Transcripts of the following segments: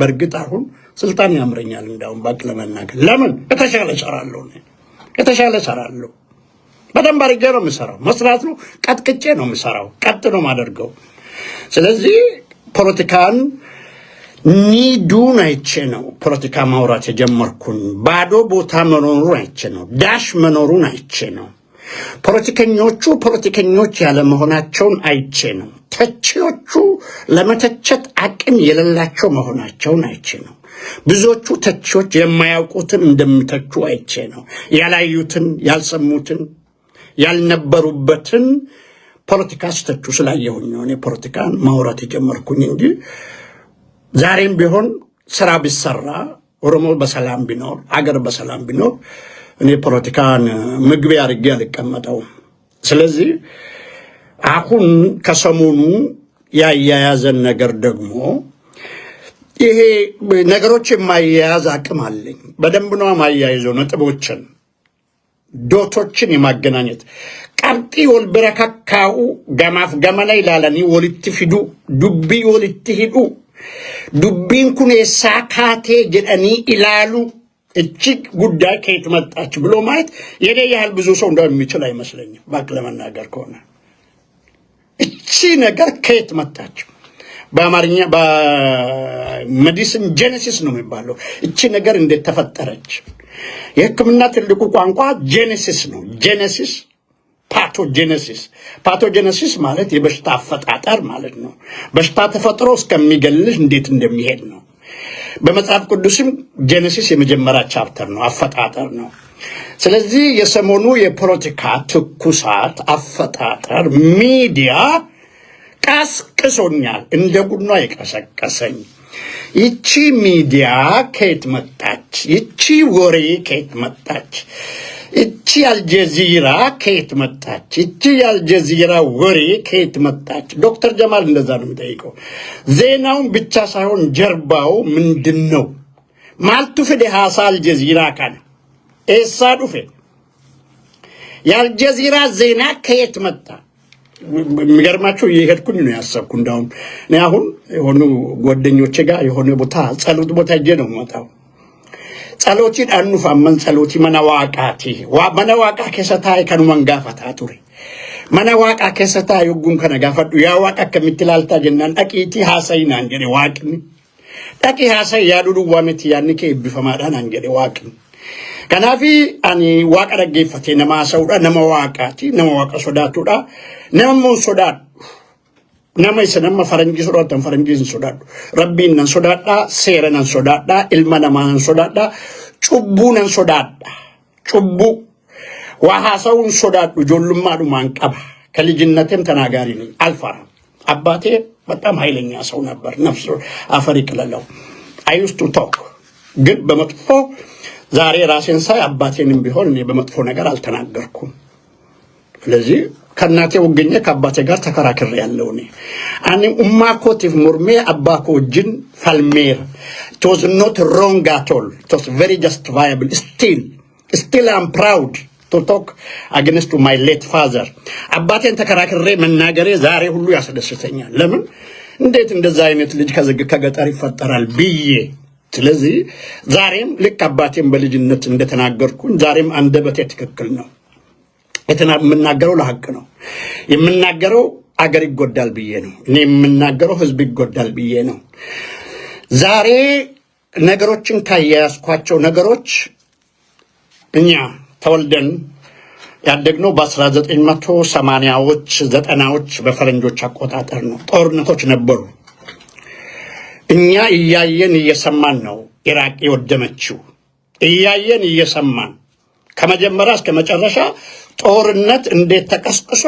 በእርግጥ አሁን ስልጣን ያምረኛል። እንዲሁም በቅ ለመናገር ለምን የተሻለ ሰራለሁ፣ የተሻለ ሰራለሁ። በደንብ አድርጌ ነው የምሰራው። መስራት ነው፣ ቀጥቅጬ ነው የምሰራው፣ ቀጥ ነው የማደርገው። ስለዚህ ፖለቲካን ኒዱን አይቼ ነው ፖለቲካ ማውራት የጀመርኩኝ። ባዶ ቦታ መኖሩን አይቼ ነው፣ ዳሽ መኖሩን አይቼ ነው፣ ፖለቲከኞቹ ፖለቲከኞች ያለመሆናቸውን አይቼ ነው። ተቺዎቹ ለመተቸት አቅም የሌላቸው መሆናቸውን አይቼ ነው። ብዙዎቹ ተቺዎች የማያውቁትን እንደሚተቹ አይቼ ነው። ያላዩትን፣ ያልሰሙትን፣ ያልነበሩበትን ፖለቲካ ስተቹ ስላየሁኝ ነው እኔ ፖለቲካን ማውራት የጀመርኩኝ እንጂ ዛሬም ቢሆን ስራ ቢሰራ ኦሮሞ በሰላም ቢኖር አገር በሰላም ቢኖር እኔ ፖለቲካን ምግቤ አድርጌ አልቀመጠውም። ስለዚህ አሁን ከሰሞኑ ያያያዘን ነገር ደግሞ ይሄ ነገሮች የማያያዝ አቅም አለኝ። በደንብ ነው ማያይዘው ነጥቦችን ዶቶችን የማገናኘት ቀርጢ ወልበረከካኡ ገማፍ ገመና ይላለኒ ወልት ፊዱ ዱቢ ወልት ሂዱ ዱቢን ኩን የሳካቴ ጀደኒ ይላሉ። እጅግ ጉዳይ ከየት መጣች ብሎ ማየት የኔ ያህል ብዙ ሰው እንደሚችል አይመስለኝም። ባክ ለመናገር ከሆነ ይቺ ነገር ከየት መጣች? በአማርኛ በሜዲሲን ጄኔሲስ ነው የሚባለው። እቺ ነገር እንዴት ተፈጠረች? የሕክምና ትልቁ ቋንቋ ጄኔሲስ ነው። ጄኔሲስ ፓቶጄኔሲስ፣ ፓቶጄኔሲስ ማለት የበሽታ አፈጣጠር ማለት ነው። በሽታ ተፈጥሮ እስከሚገልህ እንዴት እንደሚሄድ ነው። በመጽሐፍ ቅዱስም ጄኔሲስ የመጀመሪያ ቻፕተር ነው፣ አፈጣጠር ነው። ስለዚህ የሰሞኑ የፖለቲካ ትኩሳት አፈጣጠር ሚዲያ ቀስቅሶኛል፣ እንደ ቡና የቀሰቀሰኝ። ይቺ ሚዲያ ከየት መጣች? ይቺ ወሬ ከየት መጣች? እቺ አልጀዚራ ከየት መጣች? እቺ የአልጀዚራ ወሬ ከየት መጣች? ዶክተር ጀማል እንደዛ ነው የሚጠይቀው። ዜናውን ብቻ ሳይሆን ጀርባው ምንድን ነው? ማልቱፍ ደሃሳ አልጀዚራ ካለ ኤሳ ዱፌ የአልጀዚራ ዜና ከየት መጣ? የሚገርማቸው እየሄድኩኝ ነው ያሰብኩ። እንዳውም እኔ አሁን የሆኑ ጓደኞቼ ጋር የሆነ ቦታ ጸሎት ቦታ እጄ ነው ጸሎቲ ዳኑፋ መን ጸሎቲ መነዋቃቲ መነዋቃ ከሰታ ከኑመን መንጋፈታ ቱሪ መነዋቃ ከሰታ የጉም ከነጋፈዱ ያ ዋቃ ከምትላልታ ጀናን ጠቂቲ ሀሰይናን አንጀ ዋቅኒ ጠቂ ሀሰይ ያዱዱ ዋሜት ያንኬ ይብፈማዳን አንጀ ዋቅኒ Kanaafi ani waaqa dhaggeeffate nama haasa'uudha. Nama waaqaati. Nama waaqa sodaatudha. Nama hin sodaadhu. Nama isa nama faranjii sodaatan faranjii hin sodaadhu. Rabbiin nan sodaadha. Seera nan sodaadha. Ilma namaa nan sodaadha. Cubbuu nan sodaadha. Cubbuu waa haasa'uun sodaadhu ijoollummaadhumaan qaba. ከልጅነቴም ተናጋሪ ነኝ አልፈራም። አባቴ በጣም ኃይለኛ ሰው ነበር። ነፍስ አፈር ይቅለለው። አይ ዩስት ቱ ቶክ ግን በመጥፎ ዛሬ ራሴን ሳይ አባቴንም ቢሆን እኔ በመጥፎ ነገር አልተናገርኩም። ስለዚህ ከእናቴ ውገኘ ከአባቴ ጋር ተከራክር ያለው እኔ አኒ ኡማኮቲፍ ሙርሜ አባኮ ጅን ፋልሜር ቶዝ ኖት ሮንግ አቶል ቶስ ቨሪ ጀስት ቫያብል ስቲል ስቲል አም ፕራውድ ቱ ቶክ አግንስቱ ማይ ሌት ፋዘር አባቴን ተከራክሬ መናገሬ ዛሬ ሁሉ ያስደስተኛል። ለምን እንዴት እንደዛ አይነት ልጅ ከዝግ ከገጠር ይፈጠራል ብዬ ስለዚህ ዛሬም ልክ አባቴም በልጅነት እንደተናገርኩኝ ዛሬም አንደበቴ ትክክል ነው። የምናገረው ለሀቅ ነው። የምናገረው አገር ይጎዳል ብዬ ነው። እኔ የምናገረው ህዝብ ይጎዳል ብዬ ነው። ዛሬ ነገሮችን ካያያዝኳቸው ነገሮች እኛ ተወልደን ያደግነው በ1980ዎች ዘጠናዎች በፈረንጆች አቆጣጠር ነው። ጦርነቶች ነበሩ። እኛ እያየን እየሰማን ነው ኢራቅ የወደመችው። እያየን እየሰማን ከመጀመሪያ እስከ መጨረሻ ጦርነት እንዴት ተቀስቅሶ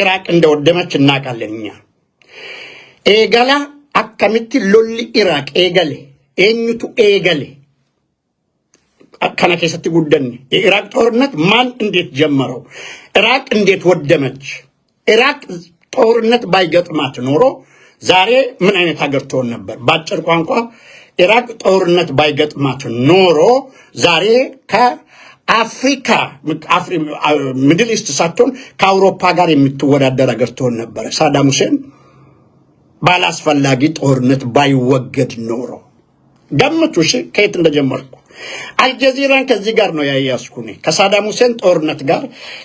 ኢራቅ እንደወደመች እናውቃለን። እኛ ኤገላ አካሚቲ ሎሊ ኢራቅ ኤገሌ ኤኝቱ ኤገሌ አካና ከሰቲ ጉደን የኢራቅ ጦርነት ማን እንዴት ጀመረው? ኢራቅ እንዴት ወደመች? ኢራቅ ጦርነት ባይገጥማት ኖሮ ዛሬ ምን አይነት ሀገር ትሆን ነበር? በአጭር ቋንቋ ኢራቅ ጦርነት ባይገጥማት ኖሮ ዛሬ ከአፍሪካ ሚድል ኢስት ሳትሆን ከአውሮፓ ጋር የምትወዳደር ሀገር ትሆን ነበረ። ሳዳም ሁሴን ባላስፈላጊ ጦርነት ባይወገድ ኖሮ ገምቱ። እሺ ከየት እንደጀመርኩ አልጀዚራን ከዚህ ጋር ነው ያያያዝኩኝ። ከሳዳም ሁሴን ጦርነት ጋር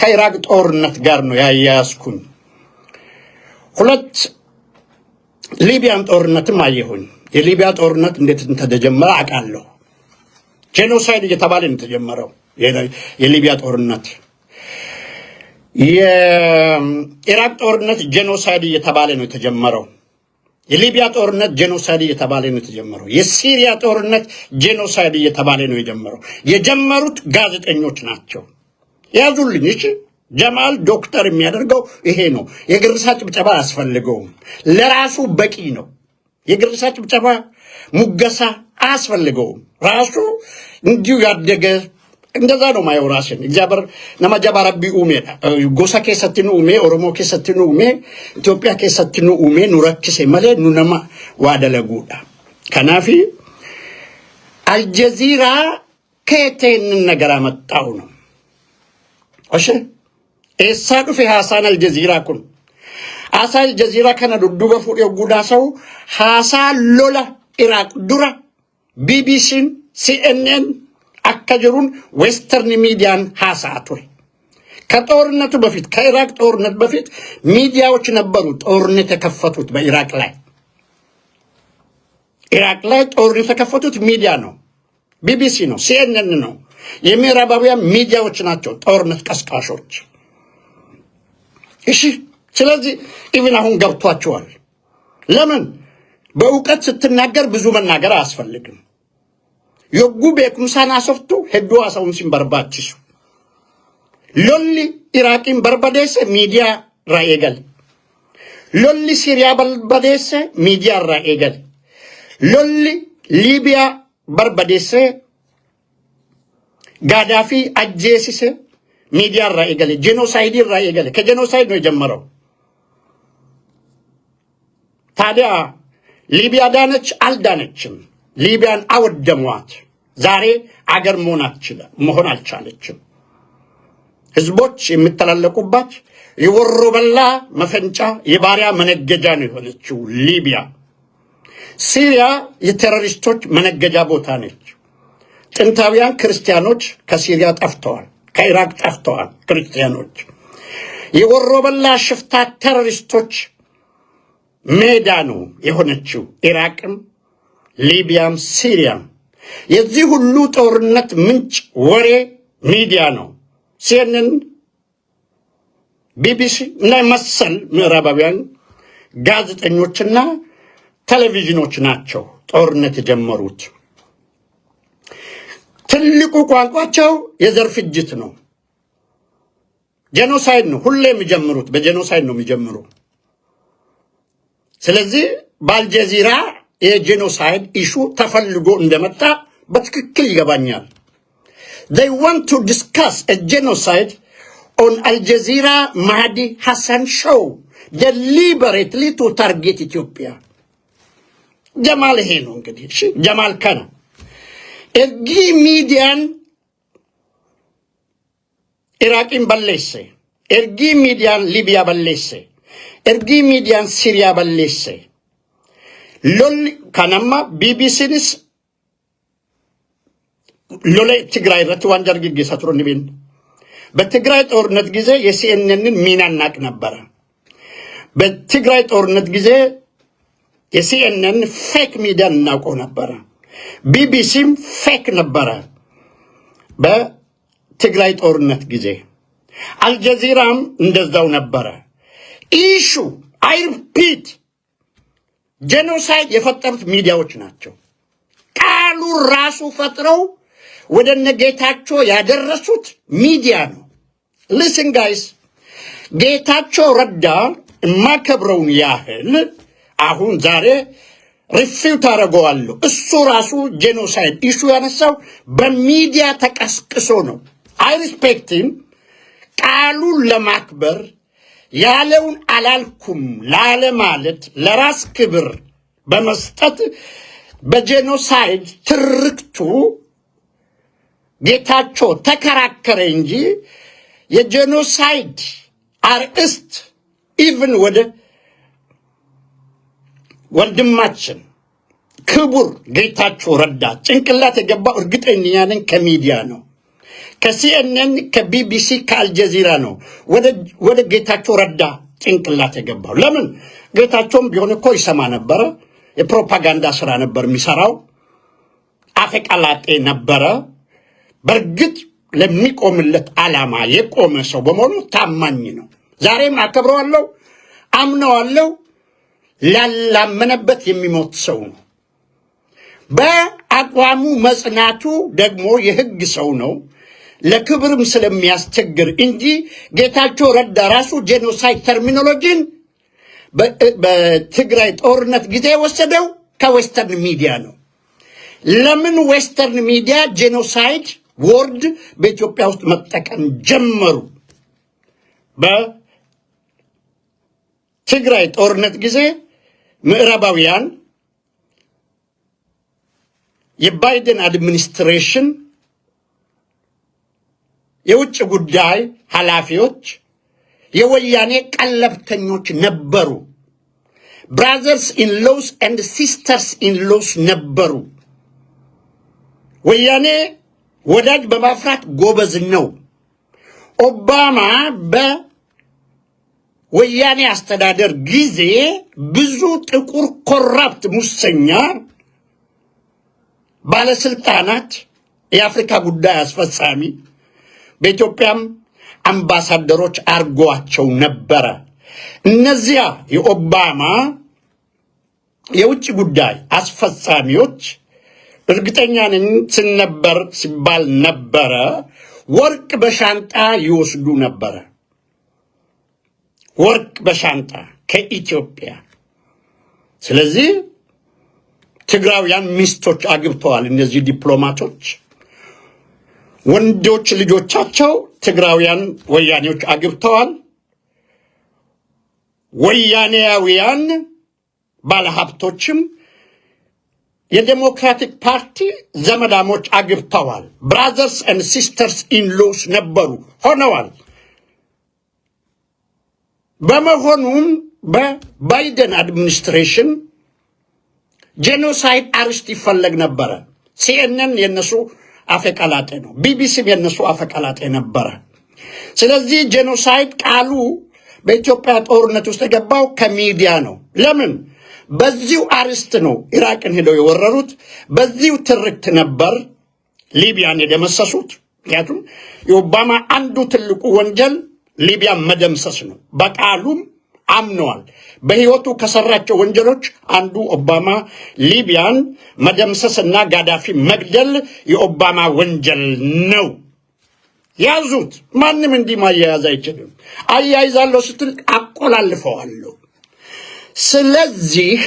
ከኢራቅ ጦርነት ጋር ነው ያያያዝኩኝ ሁለት ሊቢያን ጦርነትም አየሁኝ። የሊቢያ ጦርነት እንዴት እንደተጀመረ አውቃለሁ። ጄኖሳይድ እየተባለ ነው የተጀመረው የሊቢያ ጦርነት። የኢራቅ ጦርነት ጄኖሳይድ እየተባለ ነው የተጀመረው። የሊቢያ ጦርነት ጄኖሳይድ እየተባለ ነው የተጀመረው። የሲሪያ ጦርነት ጄኖሳይድ እየተባለ ነው የጀመረው። የጀመሩት ጋዜጠኞች ናቸው። ያዙልኝ እሺ። ጀማል ዶክተር የሚያደርገው ይሄ ነው። የግርሳ ጭብጨባ አያስፈልገውም። ለራሱ በቂ ነው። የግርሳ ጭብጨባ ሙገሳ አያስፈልገውም። ራሱ እንዲሁ ያደገ እንደዛ ነው ማየው ራሴን እግዚአብሔር ነመጀባ ረቢ ኡሜ ጎሳ ኬሰትኑ ኡሜ ኦሮሞ ኬሰትኑ ኡሜ ኢትዮጵያ ኬሰትኑ ኡሜ ኑረክሴ መሌ ኑነማ ዋደለጉዳ ከናፊ አልጀዚራ ከየት ነገር አመጣው ነው እሺ eessaa dhufe haasaan aljaziiraa kun? Haasaa aljaziiraa kana dudduuba fuudhee guddaa sa'u haasaa lola Iraaq dura BBC'n, CNN akka jiruun western miidiyaan haasaa ture። ከጦርነቱ በፊት ከኢራቅ ጦርነት በፊት ሚዲያዎች ነበሩ ጦርነት የከፈቱት በኢራቅ ላይ ኢራቅ ላይ ጦርነት የከፈቱት ሚዲያ ነው። ቢቢሲ ነው፣ ሲኤንኤን ነው። የምዕራባውያን ሚዲያዎች ናቸው ጦርነት ቀስቃሾች። እሺ። ስለዚህ ኢቭን አሁን ገብቷቸዋል። ለምን በእውቀት ስትናገር ብዙ መናገር አያስፈልግም። የጉ ቤኩምሳን ሰፍቱ ሄዱ አሰውን ሲንበርባችሱ ሎሊ ኢራቂን በርበዴሰ ሚዲያ ራኤገል ሎሊ ሲሪያ በርበዴሰ ሚዲያ ራኤገል ሎሊ ሊቢያ በርበዴሰ ጋዳፊ አጄሲሰ ሚዲያ ራ ገለ ጄኖሳይድ ራ ገለ ከጄኖሳይድ ነው የጀመረው። ታዲያ ሊቢያ ዳነች አልዳነችም። ሊቢያን አወደሟት። ዛሬ አገር መሆን አልቻለችም። ህዝቦች የሚተላለቁባት የወሮ በላ መፈንጫ የባሪያ መነገጃ ነው የሆነችው ሊቢያ። ሲሪያ የቴሮሪስቶች መነገጃ ቦታ ነች። ጥንታውያን ክርስቲያኖች ከሲሪያ ጠፍተዋል። ከኢራቅ ጠፍተዋል ክርስቲያኖች። የወሮ በላ ሽፍታ ቴሮሪስቶች ሜዳ ነው የሆነችው ኢራቅም፣ ሊቢያም፣ ሲሪያም። የዚህ ሁሉ ጦርነት ምንጭ ወሬ ሚዲያ ነው። ሲንን ቢቢሲ እና መሰል ምዕራባውያን ጋዜጠኞችና ቴሌቪዥኖች ናቸው ጦርነት የጀመሩት። ትልቁ ቋንቋቸው የዘር ፍጅት ነው። ጄኖሳይድ ነው ሁሌ የሚጀምሩት፣ በጄኖሳይድ ነው የሚጀምሩ። ስለዚህ በአልጀዚራ የጄኖሳይድ ኢሹ ተፈልጎ እንደመጣ በትክክል ይገባኛል። they want to discuss a genocide on Al Jazeera Mahdi Hassan show deliberately to target Ethiopia ጀማል ይሄ ነው እንግዲህ ጀማል እዚህ ሚዲያን ኢራቅን በሌሰ ኤርጊ ሚዲያን ሊቢያ በሌሰ ኤርጊ ሚዲያን ሲሪያ በሌሰ ሎል ከነማ ቢቢሲንስ ሎለ ትግራይ ረት ዋንጃር ግጌሳ ቱረንቤን በትግራይ ጦርነት ጊዜ የሲኤንኤንን ሚና እናቅ ነበረ። በትግራይ ጦርነት ጊዜ የሲኤንኤን ፌክ ሚዲያን እናውቀው ነበረ። ቢቢሲም ፌክ ነበረ በትግራይ ጦርነት ጊዜ። አልጀዚራም እንደዛው ነበረ። ኢሹ አይርፒት ጄኖሳይድ የፈጠሩት ሚዲያዎች ናቸው። ቃሉ ራሱ ፈጥረው ወደ እነጌታቸው ያደረሱት ሚዲያ ነው። ሊስን ጋይስ ጌታቸው ረዳ የማከብረውን ያህል አሁን ዛሬ ሪፊው ታደረገዋሉ። እሱ ራሱ ጄኖሳይድ ኢሹ ያነሳው በሚዲያ ተቀስቅሶ ነው። አይ ሪስፔክቲም ቃሉን ለማክበር ያለውን አላልኩም ላለማለት ለራስ ክብር በመስጠት በጄኖሳይድ ትርክቱ ጌታቸው ተከራከረ እንጂ የጄኖሳይድ አርእስት ኢቭን ወደ ወንድማችን ክቡር ጌታቸው ረዳ ጭንቅላት የገባው እርግጠኛ ከሚዲያ ነው፣ ከሲኤንኤን፣ ከቢቢሲ፣ ከአልጀዚራ ነው ወደ ጌታቸው ረዳ ጭንቅላት የገባው። ለምን ጌታቸውም ቢሆን እኮ ይሰማ ነበረ። የፕሮፓጋንዳ ስራ ነበር የሚሰራው። አፈቀላጤ ነበረ። በእርግጥ ለሚቆምለት ዓላማ የቆመ ሰው በመሆኑ ታማኝ ነው። ዛሬም አከብረዋለሁ፣ አምነዋለሁ። ላላመነበት የሚሞት ሰው ነው። በአቋሙ መጽናቱ ደግሞ የሕግ ሰው ነው። ለክብርም ስለሚያስቸግር እንጂ ጌታቸው ረዳ ራሱ ጄኖሳይድ ተርሚኖሎጂን በትግራይ ጦርነት ጊዜ የወሰደው ከዌስተርን ሚዲያ ነው። ለምን ዌስተርን ሚዲያ ጄኖሳይድ ወርድ በኢትዮጵያ ውስጥ መጠቀም ጀመሩ? በትግራይ ጦርነት ጊዜ ምዕራባውያን የባይደን አድሚኒስትሬሽን የውጭ ጉዳይ ኃላፊዎች የወያኔ ቀለብተኞች ነበሩ። ብራዘርስ ኢን ሎስ ኤንድ ሲስተርስ ኢን ሎስ ነበሩ። ወያኔ ወዳጅ በማፍራት ጎበዝ ነው። ኦባማ በ ወያኔ አስተዳደር ጊዜ ብዙ ጥቁር ኮራፕት ሙሰኛ ባለስልጣናት፣ የአፍሪካ ጉዳይ አስፈጻሚ በኢትዮጵያም አምባሳደሮች አርጓቸው ነበረ። እነዚያ የኦባማ የውጭ ጉዳይ አስፈጻሚዎች እርግጠኛ ነኝ ስነበር ሲባል ነበረ ወርቅ በሻንጣ ይወስዱ ነበረ። ወርቅ በሻንጣ ከኢትዮጵያ። ስለዚህ ትግራውያን ሚስቶች አግብተዋል። እነዚህ ዲፕሎማቶች ወንዶች ልጆቻቸው ትግራውያን ወያኔዎች አግብተዋል። ወያኔያውያን ባለሀብቶችም የዴሞክራቲክ ፓርቲ ዘመዳሞች አግብተዋል። ብራዘርስ ኤንድ ሲስተርስ ኢንሎስ ነበሩ ሆነዋል። በመሆኑም በባይደን አድሚኒስትሬሽን ጄኖሳይድ አርስት ይፈለግ ነበረ። ሲኤንን የነሱ አፈቀላጤ ነው፣ ቢቢሲም የነሱ አፈቀላጤ ነበረ። ስለዚህ ጄኖሳይድ ቃሉ በኢትዮጵያ ጦርነት ውስጥ የገባው ከሚዲያ ነው። ለምን? በዚሁ አርስት ነው ኢራቅን ሄደው የወረሩት። በዚሁ ትርክት ነበር ሊቢያን የደመሰሱት። ምክንያቱም የኦባማ አንዱ ትልቁ ወንጀል ሊቢያን መደምሰስ ነው። በቃሉም አምነዋል። በህይወቱ ከሰራቸው ወንጀሎች አንዱ ኦባማ ሊቢያን መደምሰስና ጋዳፊ መግደል የኦባማ ወንጀል ነው። ያዙት። ማንም እንዲህ ማያያዝ አይችልም። አያይዛለሁ ስትል አቆላልፈዋለሁ። ስለዚህ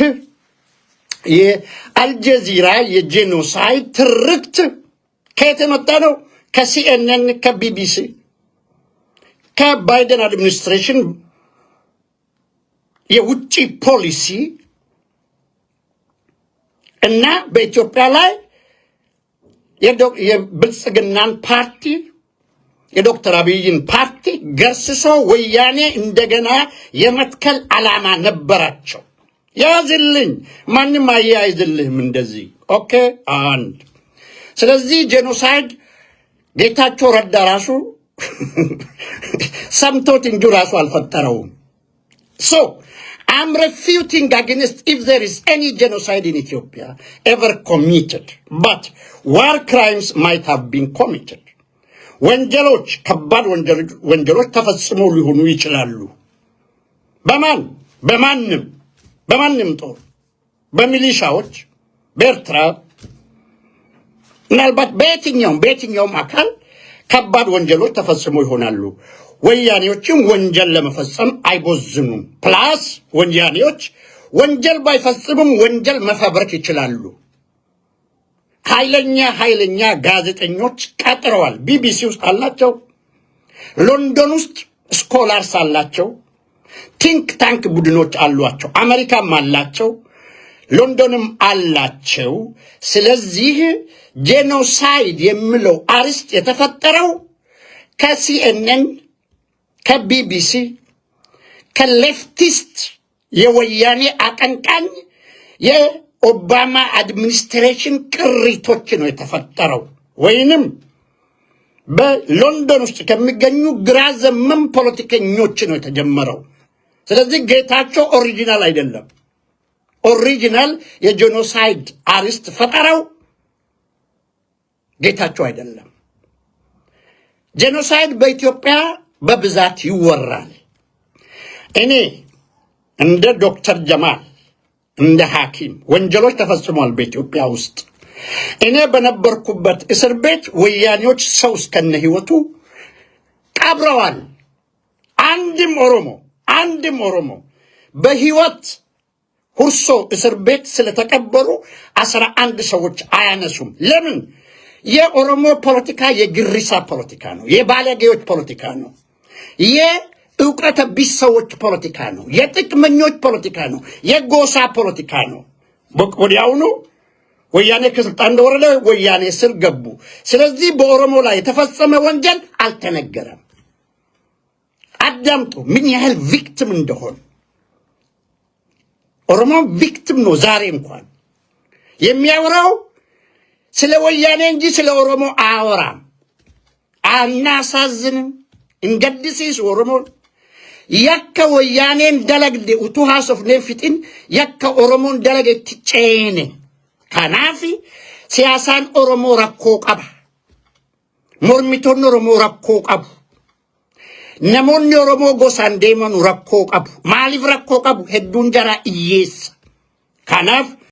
የአልጀዚራ የጄኖሳይድ ትርክት ከየት የመጣ ነው? ከሲኤንኤን ከቢቢሲ ከባይደን አድሚኒስትሬሽን የውጭ ፖሊሲ እና በኢትዮጵያ ላይ የብልጽግናን ፓርቲ የዶክተር አብይን ፓርቲ ገርስሶ ወያኔ እንደገና የመትከል ዓላማ ነበራቸው። ያዝልኝ፣ ማንም አያይዝልህም እንደዚህ። ኦኬ አንድ። ስለዚህ ጄኖሳይድ ጌታቸው ረዳ ራሱ ሰምቶት እንጂ ራሱ አልፈጠረውም። ሶ አም ሪፊቲንግ አግኒስት ኢፍ ዘር ኢዝ ኤኒ ጄኖሳይድ ኢን ኢትዮጵያ ኤቨር ኮሚትድ ባት ዋር ክራይምስ ማይት ሃቭ ቢን ኮሚትድ ወንጀሎች ከባድ ወንጀሎች ተፈጽሞ ሊሆኑ ይችላሉ። በማን በማንም በማንም ጦር በሚሊሻዎች፣ በኤርትራ ምናልባት በየትኛውም በየትኛውም አካል ከባድ ወንጀሎች ተፈጽሞ ይሆናሉ። ወያኔዎችም ወንጀል ለመፈጸም አይቦዝኑም። ፕላስ ወያኔዎች ወንጀል ባይፈጽምም ወንጀል መፈብረክ ይችላሉ። ኃይለኛ ኃይለኛ ጋዜጠኞች ቀጥረዋል። ቢቢሲ ውስጥ አላቸው፣ ሎንዶን ውስጥ ስኮላርስ አላቸው፣ ቲንክ ታንክ ቡድኖች አሏቸው፣ አሜሪካም አላቸው፣ ሎንዶንም አላቸው። ስለዚህ ጄኖሳይድ የሚለው አርስት የተፈጠረው ከሲኤንኤን ከቢቢሲ ከሌፍቲስት የወያኔ አቀንቃኝ የኦባማ አድሚኒስትሬሽን ቅሪቶች ነው የተፈጠረው ወይንም በሎንዶን ውስጥ ከሚገኙ ግራ ዘመም ፖለቲከኞች ነው የተጀመረው። ስለዚህ ጌታቸው ኦሪጂናል አይደለም። ኦሪጂናል የጄኖሳይድ አርስት ፈጠረው ጌታቸው አይደለም። ጄኖሳይድ በኢትዮጵያ በብዛት ይወራል። እኔ እንደ ዶክተር ጀማል እንደ ሐኪም ወንጀሎች ተፈጽሟል በኢትዮጵያ ውስጥ። እኔ በነበርኩበት እስር ቤት ወያኔዎች ሰው እስከነ ህይወቱ ቀብረዋል። አንድም ኦሮሞ አንድም ኦሮሞ በህይወት ሁርሶ እስር ቤት ስለተቀበሩ አስራ አንድ ሰዎች አያነሱም። ለምን? የኦሮሞ ፖለቲካ የግሪሳ ፖለቲካ ነው። የባለጌዎች ፖለቲካ ነው። የእውቀተ ቢስ ሰዎች ፖለቲካ ነው። የጥቅመኞች ፖለቲካ ነው። የጎሳ ፖለቲካ ነው። ወዲያውኑ ወያኔ ከስልጣን እንደወረደ ወያኔ ስር ገቡ። ስለዚህ በኦሮሞ ላይ የተፈጸመ ወንጀል አልተነገረም። አዳምጡ፣ ምን ያህል ቪክቲም እንደሆን ኦሮሞ ቪክቲም ነው። ዛሬ እንኳን የሚያወራው ስለ ወያኔ እንጂ ስለ ኦሮሞ አወራም። አናሳዝንም እንገድሲስ ኦሮሞን የከ ወያኔን ደለግደ ቱ ሀሶፍኔን ፊጥን የከ ኦሮሞን ደለግ ትጨኔ ጨኔ ሲያሳን ኦሮሞ ረኮ ቀባ ሞርሚቶን ኦሮሞ ረኮ ቀቡ ነሞን ኦሮሞ ጎሳን ደመኑ ረኮ ቀቡ ማሊፍ ረኮ ቀቡ ሄዱን ጀራ እየስ ከናፍ